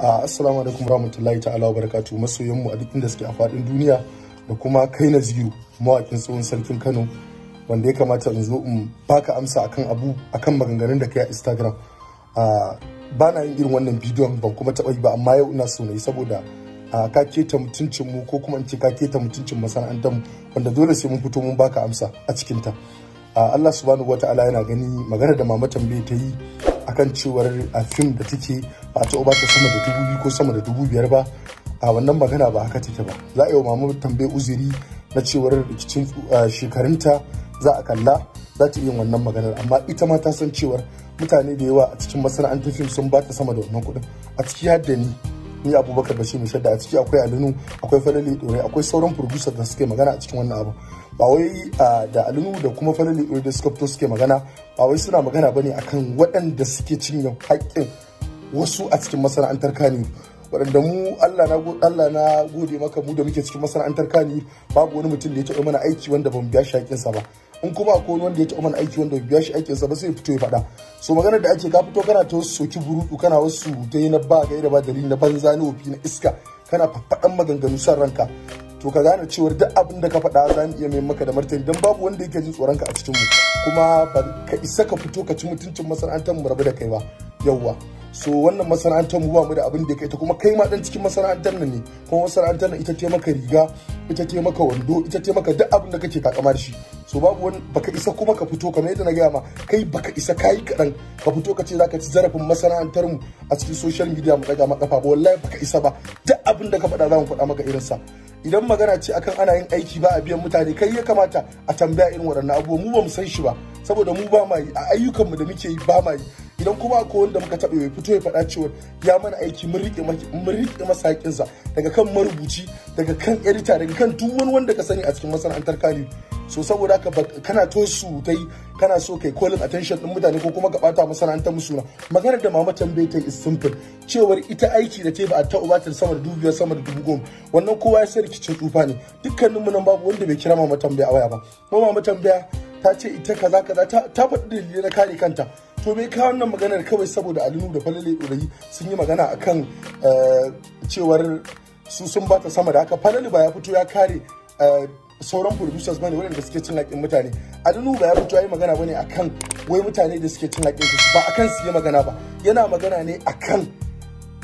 assalamu alaikum warahmatullahi ta'ala wa barakatuh masoyanmu a duk inda suke a fadin duniya da kuma kai na ziyu mawaƙin tsohon sarkin Kano wanda ya kamata in zo in baka amsa akan abu akan maganganun da kai a Instagram ba na yin irin wannan bidiyon ban kuma taɓa yi ba amma yau ina so na yi saboda ka keta mutuncin mu ko kuma in ce ka keta mutuncin masana'antar mu wanda dole sai mun fito mun baka amsa a cikin ta Allah subhanahu wataala yana gani magana da mama tambaye ta yi akan cewar a fim da take ba ta ba ta sama da dubu biyu ko sama da dubu biyar ba a wannan magana ba haka take ba za a yi wa mama tambayi uzuri na cewar rikicin shekarunta za a kalla za ta yin wannan maganar amma ita ma ta san cewar mutane da yawa a cikin masana'antar fim sun ba ta sama da wannan kuɗin a ciki har da ni ni abubakar bashir mai shadda a ciki akwai alinu akwai falali dore akwai sauran producer da suke magana a cikin wannan abu ba wai da alinu da kuma falali dore da suka fito suke magana ba wai suna magana bane akan waɗanda suke cinye haƙƙin wasu a cikin masana'antar kani waɗanda mu Allah na gode maka mu da muke cikin masana'antar kani babu wani mutum da ya taɓa mana aiki wanda ban biya shi haƙinsa ba in kuma akwai wanda ya taɓa mana aiki wanda ban biya shi aikinsa ba sai fito ya faɗa so maganar da ake ka fito kana ta wasu soki burutu kana wasu yi na ba da ba dalili na banza na wofi na iska kana faɗan maganganu san ranka to ka gane cewar duk abin da ka faɗa za mu iya mai maka da martani don babu wanda yake jin tsoronka a mu kuma ka isa ka fito ka ci mutuncin masana'antar mu rabu da kai ba yauwa so wannan masana'antar mu ba mu da abin da kai ta kuma kai ma dan cikin masana'antar nan ne kuma masana'antar nan ita ce maka riga ita ce maka wando ita ce maka duk abin da kake takama da shi so babu wani baka isa kuma ka fito kamar yadda na gaya ma kai baka isa kai kaɗan ka fito ka ce zaka ci zarafin masana'antar mu a cikin social media mu daga maka ba wallahi baka isa ba duk abin da ka faɗa za mu faɗa maka irin sa idan magana ce akan ana yin aiki ba a biyan mutane kai ya kamata a tambaya irin waɗannan abubuwa mu ba mu san shi ba saboda mu ba ma yi a ayyukanmu da muke yi ba mai idan kuma ko wanda muka taɓa bai fito ya faɗa cewa ya mana aiki mun riƙe masa haƙƙinsa daga kan marubuci daga kan edita daga kan duk wani wanda ka sani a cikin masana'antar kani so saboda ka kana to su ta yi kana so kai calling attention din mutane ko kuma ka bata masana'antar musu na maganar da mama tambaye ta is simple cewar ita aiki da ta ba a ta ubatar sama da dubu biyar sama da dubu goma wannan kowa ya sarki rikicin tsufa ne dukkanin mu nan babu wanda bai kira mama tambaya a waya ba kuma mama tambaya ta ce ita kaza kaza ta faɗi dalilai na kare kanta to bai kawo wannan maganar kawai saboda alinu da falale ɗorayi sun yi magana akan eh, cewar su sun bata sama da haka falale ba ya fito ya kare eh, sauran producers bane waɗanda suke cin haƙin mutane alinu ba ya fito ya yi magana bane akan wai mutane da suke cin haƙin su ba akan su yi magana ba yana magana ne akan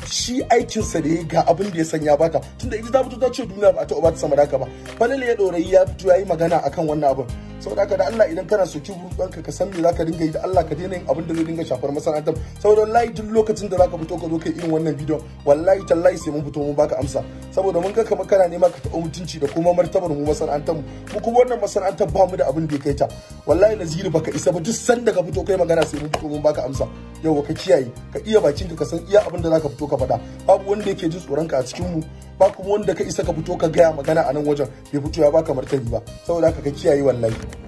shi aikinsa da ya ga abin da ya sanya bata tunda ita ta fito ta ce duniya ba ta ba ta sama da haka ba falale ya ɗorayi ya fito ya yi magana akan wannan abin saboda haka da Allah idan kana so kibu ɗanka ka san me zaka dinga yi da Allah ka daina yin abin da zai dinga shafar masana'antar saboda wallahi duk lokacin da zaka fito ka zo kai irin wannan bidiyon wallahi tallahi sai mun fito mun baka amsa saboda mun ga kamar kana nema ka taɓa mutunci da kuma martabar mu masana'antar mu mu kuma wannan masana'antar ba mu da abin da ya kai ta wallahi naziri baka isa ba duk sanda ka fito kai magana sai mun fito mun baka amsa yau ka kiyaye ka iya bakinka ka san iya abin da zaka fito ka faɗa babu wanda yake jin ka a cikin mu ba kuma wanda ka isa ka fito ka gaya magana a nan wajen bai fito ya baka martani ba saboda haka ka kiyaye wallahi